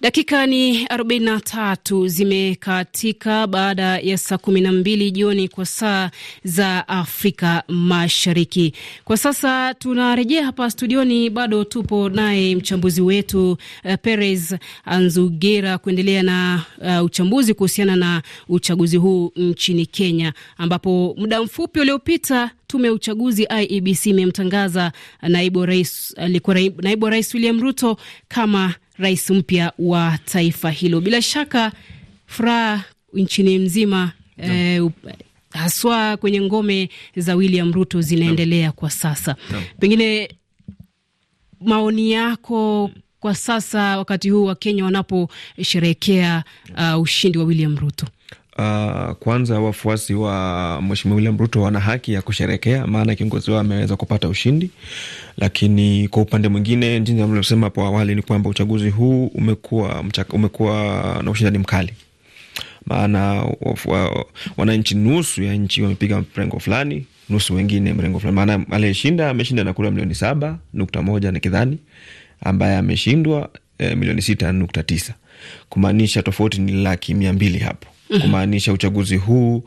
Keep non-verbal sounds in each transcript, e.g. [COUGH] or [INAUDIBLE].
Dakika ni 43 zimekatika baada ya saa 12 jioni kwa saa za Afrika Mashariki. Kwa sasa tunarejea hapa studioni, bado tupo naye mchambuzi wetu uh, Perez Anzugera kuendelea na uh, uchambuzi kuhusiana na uchaguzi huu nchini Kenya, ambapo muda mfupi uliopita tume ya uchaguzi IEBC imemtangaza naibu rais, alikuwa naibu rais William Ruto kama rais mpya wa taifa hilo. Bila shaka furaha nchini mzima eh, haswa kwenye ngome za William Ruto zinaendelea kwa sasa no. Pengine maoni yako kwa sasa wakati huu Wakenya wanaposherehekea uh, ushindi wa William Ruto? Uh, kwanza wafuasi wa Mheshimiwa William Ruto wana haki ya kusherekea, maana kiongozi wao ameweza kupata ushindi. Lakini kwa upande mwingine, jinsi alivyosema hapo awali, ni kwamba uchaguzi huu umekuwa umekuwa na ushindani mkali, maana wananchi, nusu ya nchi wamepiga mrengo fulani, nusu wengine mrengo fulani. Maana aliyeshinda ameshinda na kura milioni saba nukta moja nikidhani, ambaye ameshindwa eh, milioni sita nukta tisa kumaanisha tofauti ni laki mia mbili hapo kumaanisha uchaguzi huu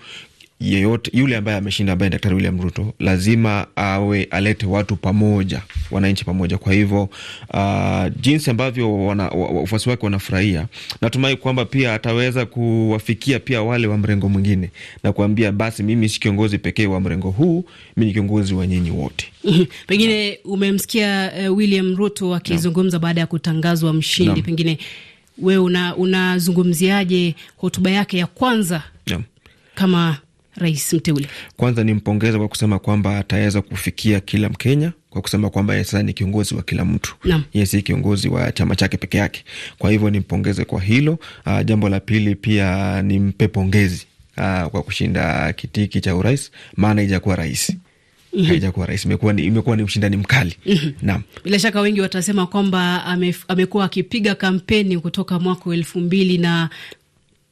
yeyote yule ambaye ameshinda ambaye Daktari William Ruto lazima awe alete watu pamoja, wananchi pamoja. Kwa hivyo uh, jinsi ambavyo wafuasi wake wanafurahia, natumai kwamba pia ataweza kuwafikia pia wale wa mrengo mwingine na kuambia basi, mimi si kiongozi pekee wa mrengo huu, mi ni kiongozi wa nyinyi wote. [LAUGHS] Pengine umemsikia uh, William Ruto akizungumza baada ya kutangazwa mshindi, pengine wewe unazungumziaje una hotuba yake ya kwanza yeah, kama rais mteule? Kwanza ni mpongeza kwa kusema kwamba ataweza kufikia kila Mkenya kwa kusema kwamba yeye sasa ni kiongozi wa kila mtu, yeye si kiongozi wa chama chake peke yake. Kwa hivyo nimpongeze kwa hilo. Uh, jambo la pili pia nimpe pongezi uh, kwa kushinda kitiki cha urais, maana ijakuwa rahisi haijakuwa rahisi, imekuwa ni, imekuwa ni ushindani mkali. Mhm. Naam, bila shaka wengi watasema kwamba amekuwa akipiga kampeni kutoka mwaka elfu mbili na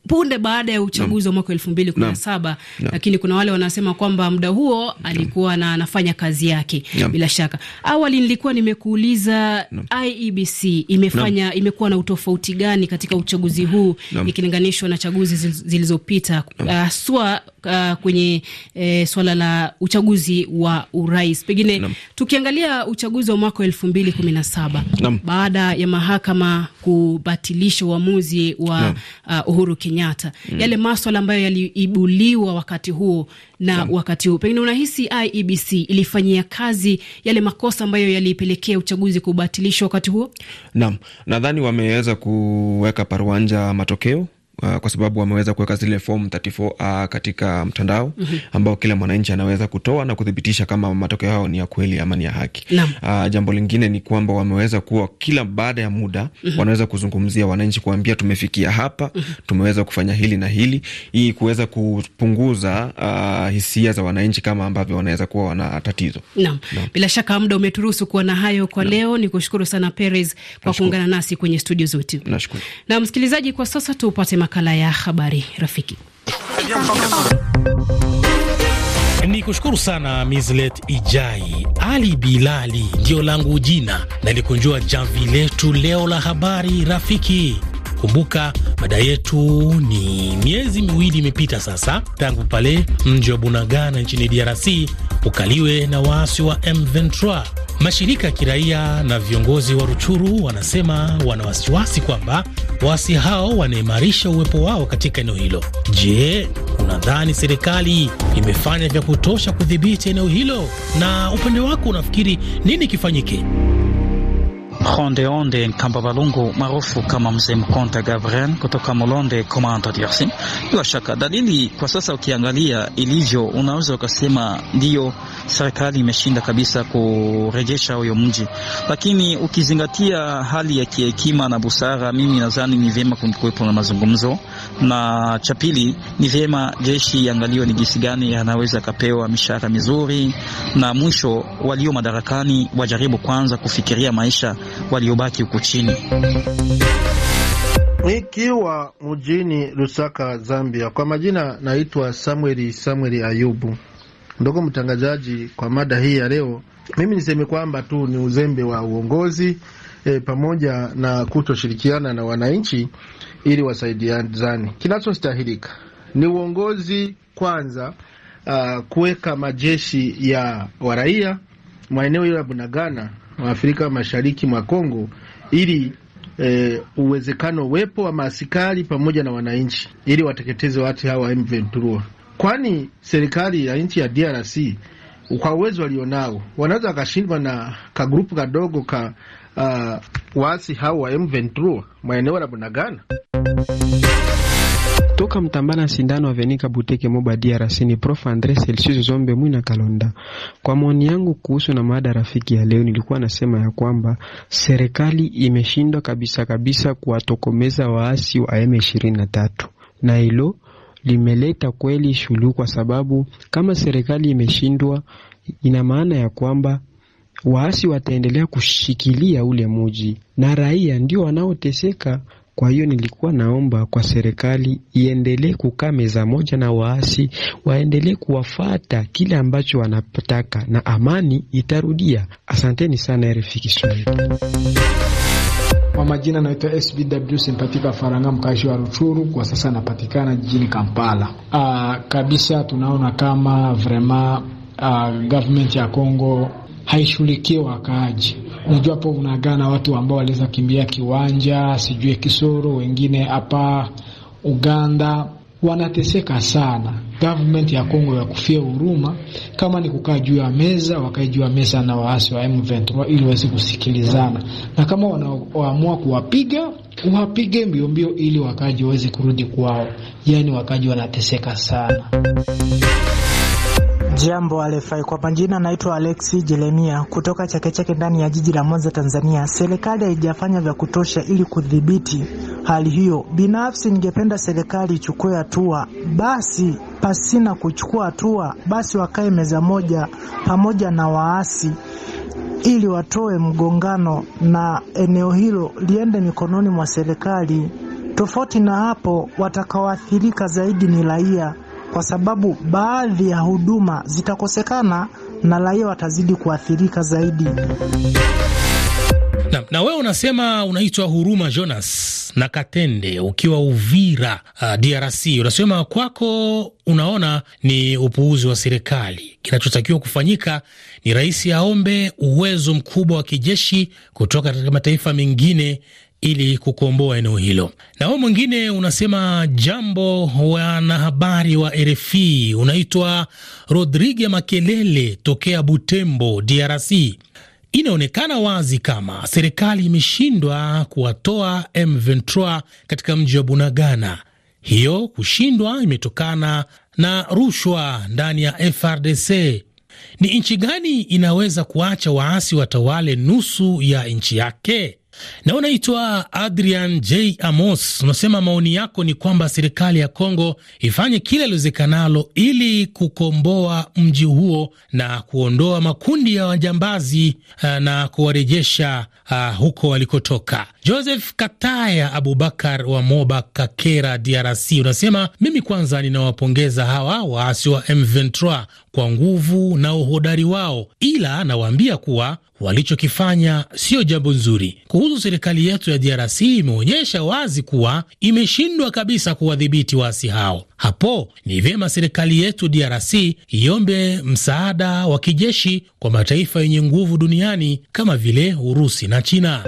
punde baada ya uchaguzi wa mwaka elfu mbili kumi na saba, lakini kuna wale wanasema kwamba muda huo alikuwa na anafanya kazi yake Bila shaka awali nilikuwa nimekuuliza IEBC imefanya imekuwa na utofauti gani katika uchaguzi huu ikilinganishwa na chaguzi zilizopita ah, haswa uh, uh, kwenye eh, swala la uchaguzi wa urais pengine tukiangalia uchaguzi wa mwaka elfu mbili kumi na saba baada ya mahakama kubatilisha uamuzi wa uh, Uhuru Kenya Kenyatta mm. yale maswala ambayo yaliibuliwa wakati huo na yeah. wakati huo, pengine unahisi IEBC ilifanyia kazi yale makosa ambayo yalipelekea uchaguzi kubatilishwa wakati huo? Naam, nadhani wameweza kuweka paruanja matokeo Uh, kwa sababu wameweza kuweka zile form 34 uh, katika mtandao mm -hmm. ambao kila mwananchi anaweza kutoa na kuthibitisha kama matokeo yao ni ya kweli ama ni ya haki. Uh, jambo lingine ni kwamba wameweza kuwa kila baada ya muda mm -hmm. wanaweza kuzungumzia wananchi, kuambia tumefikia hapa mm -hmm. tumeweza kufanya hili na hili, ili kuweza kupunguza uh, hisia za wananchi kama ambavyo wanaweza kuwa wana tatizo. Naam, bila shaka muda umeturuhusu kuwa na hayo kwa Naam. leo. Ni kushukuru sana Perez kwa kuungana nasi kwenye studio zetu. Nashukuru na msikilizaji, kwa sasa tupate makala ya habari rafiki. Ni kushukuru sana Mislet Ijai. Ali Bilali ndio langu jina, na likunjua jamvi letu leo la habari rafiki. Kumbuka mada yetu ni miezi miwili imepita sasa tangu pale mji wa Bunagana nchini DRC ukaliwe na waasi wa M23 Mashirika ya kiraia na viongozi wa Ruchuru wanasema wana wasiwasi kwamba waasi hao wanaimarisha uwepo wao katika eneo hilo. Je, unadhani serikali imefanya vya kutosha kudhibiti eneo hilo? Na upande wako unafikiri nini kifanyike? Ronde Onde Nkamba Balungu maarufu kama Mzee Mkonta Gabriel kutoka Molonde Komanda, DRC. Bila shaka dalili kwa sasa ukiangalia ilivyo, unaweza ukasema ndiyo serikali imeshinda kabisa kurejesha huyo mji, lakini ukizingatia hali ya kihekima na busara, mimi nadhani ni vyema kuwepo na mazungumzo, na cha pili ni vyema jeshi iangaliwe ni jinsi gani anaweza akapewa mishahara mizuri, na mwisho walio madarakani wajaribu kwanza kufikiria maisha waliobaki huku chini. Nikiwa mjini Lusaka, Zambia. Kwa majina naitwa Samueli Samueli Ayubu. Ndugu mtangazaji, kwa mada hii ya leo, mimi niseme kwamba tu ni uzembe wa uongozi e, pamoja na kutoshirikiana na wananchi ili wasaidiane. Kinachostahilika ni uongozi kwanza, uh, kuweka majeshi ya waraia maeneo hiyo ya Bunagana Afrika mashariki mwa Kongo ili e, uwezekano wepo wa maasikari pamoja na wananchi ili wateketeze watu hawa wa M23, kwani serikali ya nchi ya DRC kwa uwezo walionao wanaweza wakashindwa na kagrupu kadogo ka uh, waasi hao wa M23 maeneo la Bunagana toka Mtambala sindano avenika buteke moba DRC ni Prof Andre Celsius Zombe Mwina Kalonda. Kwa maoni yangu kuhusu na mada rafiki ya leo, nilikuwa nasema ya kwamba serikali imeshindwa kabisa kabisa kuwatokomeza waasi wa M23 na hilo limeleta kweli shulu kwa sababu kama serikali imeshindwa, ina maana ya kwamba waasi wataendelea kushikilia ule muji na raia ndio wanaoteseka. Kwa hiyo nilikuwa naomba kwa serikali iendelee kukaa meza moja na waasi, waendelee kuwafata kile ambacho wanataka na amani itarudia. Asanteni sana RFI Kiswahili. Kwa majina naitwa SBW Simpatika Faranga, mkaishi wa Ruchuru, kwa sasa anapatikana jijini Kampala. Aa, ah, kabisa tunaona kama vrema ah, government ya Congo haishughulikii wakaaji. Unajua, hapo unagaa na watu ambao waliweza kimbia kiwanja, sijui Kisoro, wengine hapa Uganda wanateseka sana. Government ya Kongo ya kufia huruma, kama ni kukaa juu ya meza, wakae juu ya meza na waasi wa M23 ili waweze kusikilizana, na kama wanaamua kuwapiga wapige mbio mbio ili wakaji waweze kurudi kwao. Yani wakaji wanateseka sana Jambo alefai kwa majina, naitwa Alexi Jeremia kutoka Chake Chake ndani ya jiji la Mwanza, Tanzania. Serikali haijafanya vya kutosha ili kudhibiti hali hiyo. Binafsi ningependa serikali ichukue hatua basi, pasina kuchukua hatua basi wakae meza moja pamoja na waasi ili watoe mgongano na eneo hilo liende mikononi mwa serikali. Tofauti na hapo, watakaoathirika zaidi ni raia kwa sababu baadhi ya huduma zitakosekana na raia watazidi kuathirika zaidi. Na, na wewe unasema unaitwa Huruma Jonas na Katende ukiwa Uvira, uh, DRC. Unasema kwako unaona ni upuuzi wa serikali. Kinachotakiwa kufanyika ni rais aombe uwezo mkubwa wa kijeshi kutoka katika mataifa mengine ili kukomboa eneo hilo. Na huo mwingine unasema, jambo wanahabari wa RFI, unaitwa Rodrigue Makelele tokea Butembo, DRC. Inaonekana wazi kama serikali imeshindwa kuwatoa M23 katika mji wa Bunagana. Hiyo kushindwa imetokana na rushwa ndani ya FRDC. Ni nchi gani inaweza kuacha waasi watawale nusu ya nchi yake? Na unaitwa Adrian J Amos, unasema maoni yako ni kwamba serikali ya Kongo ifanye kila iliwezekanalo ili kukomboa mji huo na kuondoa makundi ya wajambazi uh, na kuwarejesha uh, huko walikotoka. Joseph Kataya Abubakar wa Moba Kakera, DRC, unasema mimi kwanza ninawapongeza hawa waasi wa M23 kwa nguvu na uhodari wao, ila nawaambia kuwa walichokifanya sio jambo nzuri. Kuhusu serikali yetu ya DRC imeonyesha wazi kuwa imeshindwa kabisa kuwadhibiti waasi hao. Hapo ni vyema serikali yetu DRC iombe msaada wa kijeshi kwa mataifa yenye nguvu duniani kama vile Urusi na China.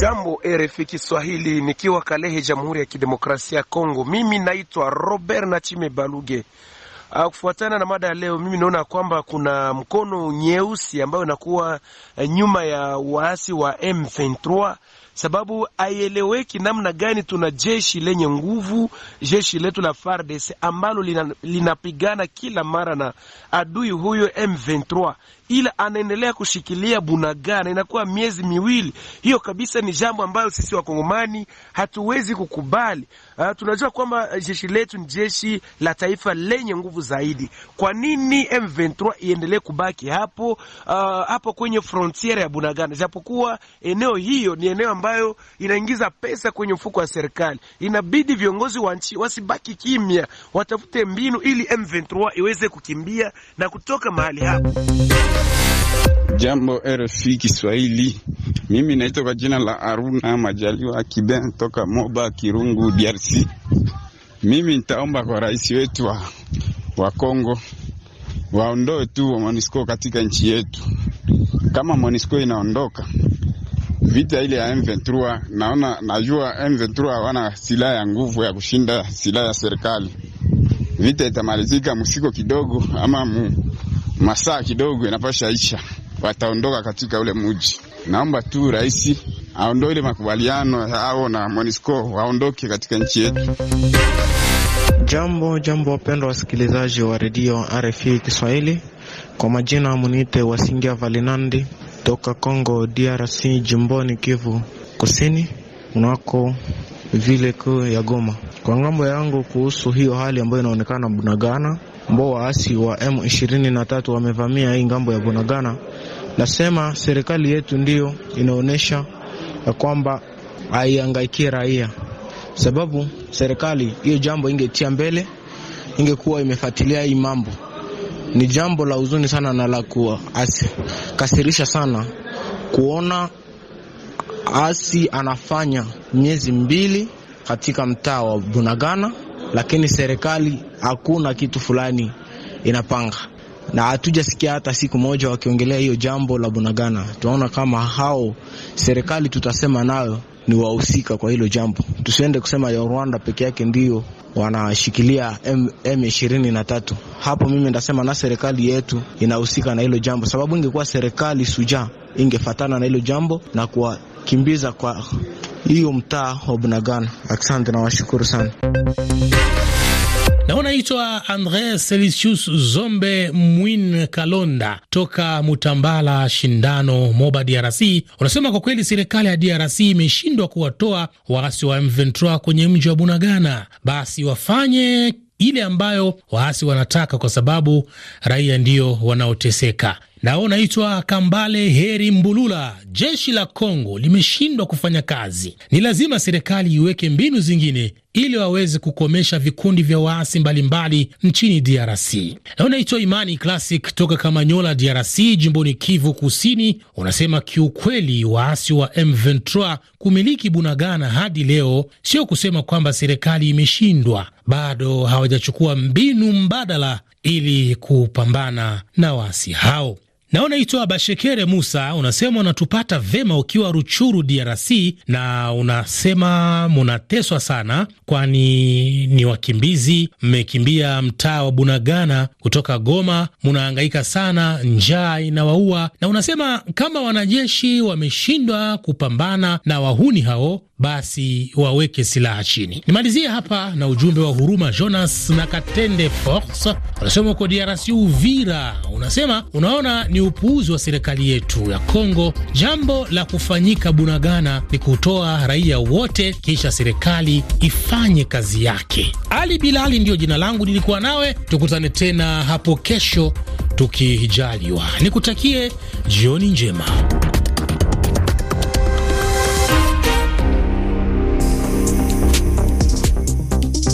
Jambo RFI Kiswahili, nikiwa Kalehe, Jamhuri ya Kidemokrasia ya Kongo. Mimi naitwa Robert Nachime Baluge. Ah, kufuatana na mada ya leo, mimi naona kwamba kuna mkono nyeusi ambayo inakuwa eh, nyuma ya waasi wa M23 sababu haieleweki namna gani tuna jeshi lenye nguvu, jeshi letu la FARDC ambalo linapigana lina kila mara na adui huyo M23, ila anaendelea kushikilia Bunagana, inakuwa miezi miwili. Hiyo kabisa ni jambo ambalo sisi wakongomani hatuwezi kukubali. Uh, tunajua kwamba jeshi letu ni jeshi la taifa lenye nguvu zaidi. Kwa nini M23 iendelee kubaki hapo, uh, hapo kwenye frontiere ya Bunagana, japokuwa eneo hiyo ni eneo ambalo ambayo inaingiza pesa kwenye mfuko wa serikali. Inabidi viongozi wa nchi wasibaki kimya, watafute mbinu ili M23 iweze kukimbia na kutoka mahali hapo. Jambo RFI Kiswahili, mimi naitwa kwa jina la Aruna Majaliwa Kiben toka Moba Kirungu, DRC. Mimi nitaomba kwa rais wetu wa, wa Kongo waondoe tu wa MONUSCO katika nchi yetu. Kama MONUSCO inaondoka, vita ile ya M23, naona najua M23 hawana silaha ya nguvu ya kushinda silaha ya serikali. Vita itamalizika msiko kidogo ama mu, masaa kidogo, inapasha isha, wataondoka katika ule muji Naomba tu rais aondoe ile makubaliano hao na MONUSCO waondoke katika nchi yetu. Jambo jambo, wapendwa wasikilizaji wa redio RFI Kiswahili, kwa majina munite Wasingia Valinandi toka Congo DRC jimboni Kivu Kusini unako vile kuu ya Goma. Kwa ngambo yangu kuhusu hiyo hali ambayo inaonekana Bunagana, ambao waasi wa M23 wamevamia hii ngambo ya Bunagana, nasema serikali yetu ndiyo inaonyesha ya kwamba haiangaikie raia, sababu serikali hiyo jambo ingetia mbele, ingekuwa imefuatilia hii mambo ni jambo la huzuni sana na la kukasirisha sana kuona asi anafanya miezi mbili katika mtaa wa Bunagana, lakini serikali hakuna kitu fulani inapanga na hatujasikia hata siku moja wakiongelea hiyo jambo la Bunagana. Tunaona kama hao serikali tutasema nayo ni wahusika kwa hilo jambo. Tusiende kusema ya Rwanda peke yake ndio wanashikilia M23. Hapo mimi ndasema na serikali yetu inahusika na hilo jambo, sababu ingekuwa serikali suja ingefatana na hilo jambo na kuwakimbiza kwa hiyo mtaa wa Bunagana. Asante nawashukuru sana na unaitwa andre Selisius Zombe Mwin Kalonda toka Mutambala Shindano, Moba, DRC. Unasema kwa kweli serikali ya DRC imeshindwa kuwatoa waasi wa M23 kwenye mji wa Bunagana, basi wafanye ile ambayo waasi wanataka, kwa sababu raia ndiyo wanaoteseka nao unaitwa Kambale Heri Mbulula. Jeshi la Kongo limeshindwa kufanya kazi, ni lazima serikali iweke mbinu zingine ili waweze kukomesha vikundi vya waasi mbalimbali nchini DRC. Nao unaitwa Imani Classic toka Kamanyola, DRC, jimboni Kivu Kusini, unasema kiukweli, waasi wa M23 kumiliki Bunagana hadi leo sio kusema kwamba serikali imeshindwa, bado hawajachukua mbinu mbadala ili kupambana na waasi hao. Na unaitwa Bashekere Musa, unasema unatupata vema ukiwa Ruchuru, DRC, na unasema munateswa sana, kwani ni wakimbizi, mmekimbia mtaa wa Bunagana kutoka Goma, munahangaika sana, njaa inawaua, na unasema kama wanajeshi wameshindwa kupambana na wahuni hao basi waweke silaha chini. Nimalizie hapa na ujumbe wa huruma Jonas na Katende Fox, unasema uko DRC Uvira, unasema unaona ni upuuzi wa serikali yetu ya Kongo. Jambo la kufanyika Bunagana ni kutoa raia wote, kisha serikali ifanye kazi yake. Ali Bilali ndiyo jina langu, nilikuwa nawe, tukutane tena hapo kesho tukijaliwa. Nikutakie jioni njema.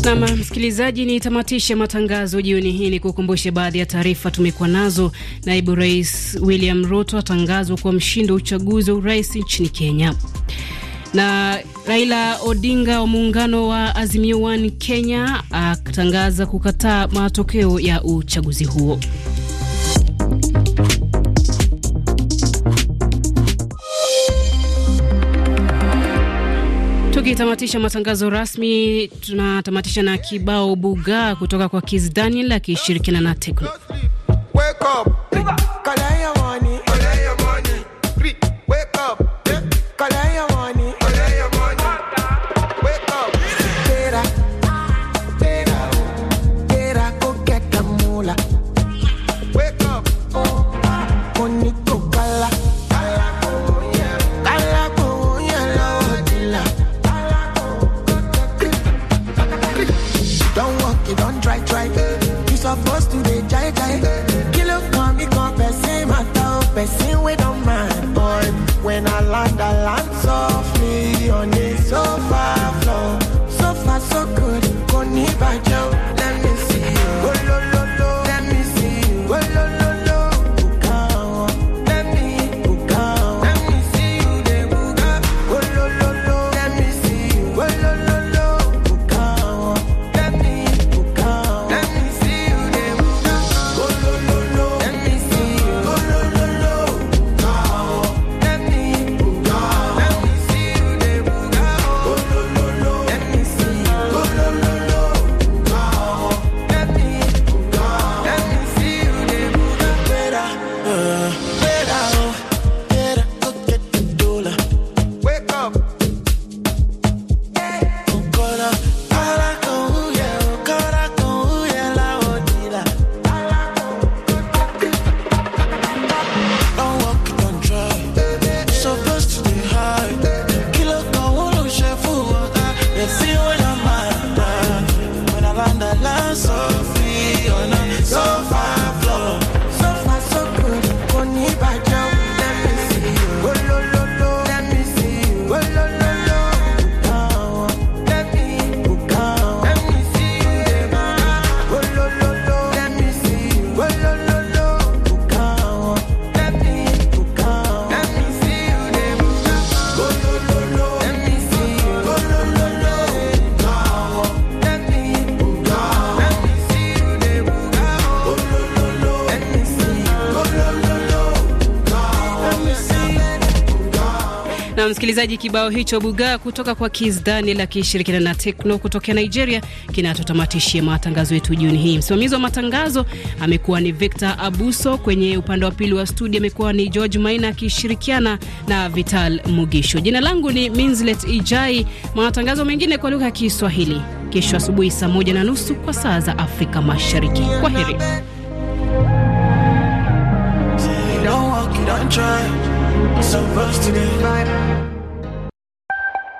Nam msikilizaji, ni tamatishe matangazo jioni hii ni kukumbushe baadhi ya taarifa tumekuwa nazo. Naibu Rais William Ruto atangazwa kuwa mshindi wa uchaguzi wa urais nchini Kenya, na Raila Odinga wa muungano wa Azimio One Kenya atangaza kukataa matokeo ya uchaguzi huo. Tukitamatisha matangazo rasmi, tunatamatisha na kibao buga kutoka kwa Kizz Daniel akishirikiana na Tekno. Msikilizaji, kibao hicho buga kutoka kwa Kiss Daniel akishirikiana na Tekno kutokea Nigeria kinatutamatishia matangazo yetu jioni hii. Msimamizi wa matangazo amekuwa ni Victor Abuso, kwenye upande wa pili wa studio amekuwa ni George Maina akishirikiana na Vital Mugisho. Jina langu ni Minslet Ijai. Matangazo mengine kwa lugha ya Kiswahili kesho asubuhi saa moja na nusu kwa saa za Afrika Mashariki. Kwa heri. supposed to